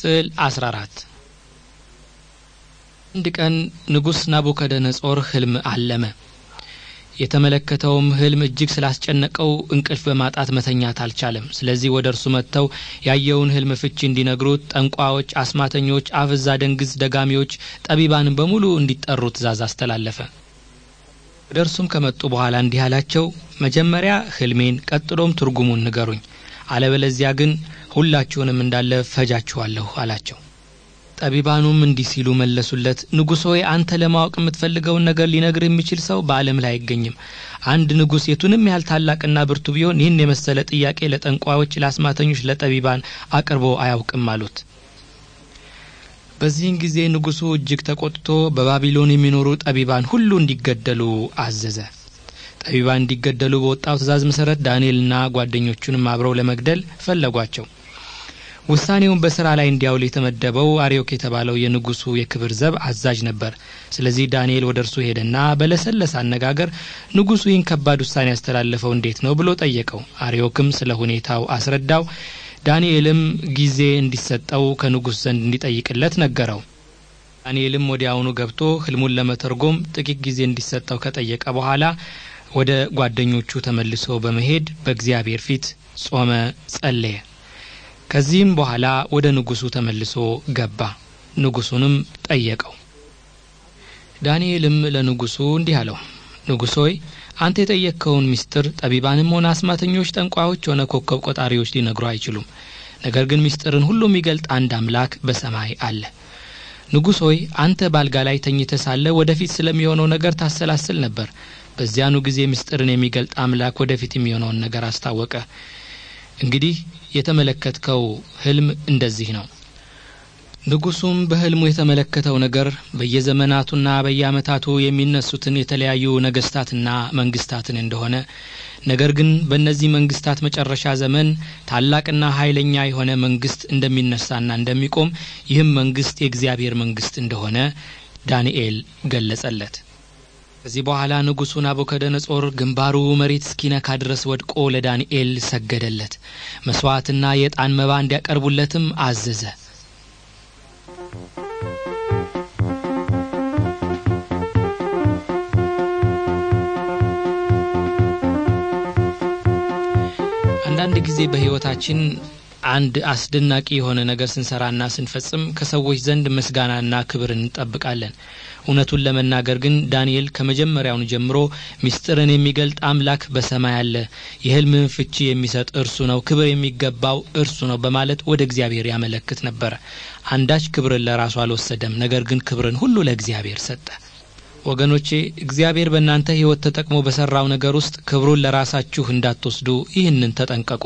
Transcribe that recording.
ስዕል 14 አንድ ቀን ንጉሥ ናቡከደነጾር ህልም አለመ። የተመለከተውም ህልም እጅግ ስላስጨነቀው እንቅልፍ በማጣት መተኛት አልቻለም። ስለዚህ ወደ እርሱ መጥተው ያየውን ህልም ፍቺ እንዲነግሩት ጠንቋዎች፣ አስማተኞች፣ አፍዛ ደንግዝ ደጋሚዎች፣ ጠቢባን በሙሉ እንዲጠሩ ትእዛዝ አስተላለፈ። ወደ እርሱም ከመጡ በኋላ እንዲህ አላቸው፣ መጀመሪያ ህልሜን ቀጥሎም ትርጉሙን ንገሩኝ፣ አለበለዚያ ግን ሁላችሁንም እንዳለ ፈጃችኋለሁ አላቸው ጠቢባኑም እንዲህ ሲሉ መለሱለት ንጉሥ ሆይ አንተ ለማወቅ የምትፈልገውን ነገር ሊነግር የሚችል ሰው በአለም ላይ አይገኝም አንድ ንጉሥ የቱንም ያህል ታላቅና ብርቱ ቢሆን ይህን የመሰለ ጥያቄ ለጠንቋዮች ለአስማተኞች ለጠቢባን አቅርቦ አያውቅም አሉት በዚህን ጊዜ ንጉሡ እጅግ ተቆጥቶ በባቢሎን የሚኖሩ ጠቢባን ሁሉ እንዲገደሉ አዘዘ ጠቢባን እንዲገደሉ በወጣው ትእዛዝ መሰረት ዳንኤልና ጓደኞቹንም አብረው ለመግደል ፈለጓቸው ውሳኔውን በስራ ላይ እንዲያውል የተመደበው አሪዮክ የተባለው የንጉሱ የክብር ዘብ አዛዥ ነበር። ስለዚህ ዳንኤል ወደ እርሱ ሄደና በለሰለሰ አነጋገር ንጉሱ ይህን ከባድ ውሳኔ ያስተላለፈው እንዴት ነው ብሎ ጠየቀው። አሪዮክም ስለ ሁኔታው አስረዳው። ዳንኤልም ጊዜ እንዲሰጠው ከንጉስ ዘንድ እንዲጠይቅለት ነገረው። ዳንኤልም ወዲያውኑ ገብቶ ህልሙን ለመተርጎም ጥቂት ጊዜ እንዲሰጠው ከጠየቀ በኋላ ወደ ጓደኞቹ ተመልሶ በመሄድ በእግዚአብሔር ፊት ጾመ፣ ጸለየ። ከዚህም በኋላ ወደ ንጉሱ ተመልሶ ገባ። ንጉሱንም ጠየቀው። ዳንኤልም ለንጉሱ እንዲህ አለው፣ ንጉሥ ሆይ አንተ የጠየቅከውን ምስጢር ጠቢባንም ሆነ አስማተኞች፣ ጠንቋዮች ሆነ ኮከብ ቆጣሪዎች ሊነግሩ አይችሉም። ነገር ግን ምስጢርን ሁሉ የሚገልጥ አንድ አምላክ በሰማይ አለ። ንጉሥ ሆይ አንተ ባልጋ ላይ ተኝተ ሳለ ወደፊት ስለሚሆነው ነገር ታሰላስል ነበር። በዚያኑ ጊዜ ምስጢርን የሚገልጥ አምላክ ወደፊት የሚሆነውን ነገር አስታወቀ። እንግዲህ የተመለከትከው ህልም እንደዚህ ነው። ንጉሱም በህልሙ የተመለከተው ነገር በየዘመናቱና በየአመታቱ የሚነሱትን የተለያዩ ነገስታትና መንግስታትን እንደሆነ ነገር ግን በእነዚህ መንግስታት መጨረሻ ዘመን ታላቅና ኃይለኛ የሆነ መንግስት እንደሚነሳና እንደሚቆም ይህም መንግስት የእግዚአብሔር መንግስት እንደሆነ ዳንኤል ገለጸለት። ከዚህ በኋላ ንጉሡ ናቡከደነጾር ግንባሩ መሬት እስኪነካ ድረስ ወድቆ ለዳንኤል ሰገደለት። መሥዋዕትና የጣን መባ እንዲያቀርቡለትም አዘዘ። አንዳንድ ጊዜ በሕይወታችን አንድ አስደናቂ የሆነ ነገር ስንሰራና ስንፈጽም ከሰዎች ዘንድ ምስጋናና ክብር እንጠብቃለን። እውነቱን ለመናገር ግን ዳንኤል ከመጀመሪያውን ጀምሮ ምስጢርን የሚገልጥ አምላክ በሰማይ አለ፣ የሕልምህን ፍቺ የሚሰጥ እርሱ ነው፣ ክብር የሚገባው እርሱ ነው በማለት ወደ እግዚአብሔር ያመለክት ነበረ። አንዳች ክብርን ለራሱ አልወሰደም፣ ነገር ግን ክብርን ሁሉ ለእግዚአብሔር ሰጠ። ወገኖቼ እግዚአብሔር በእናንተ ሕይወት ተጠቅሞ በሰራው ነገር ውስጥ ክብሩን ለራሳችሁ እንዳትወስዱ ይህንን ተጠንቀቁ።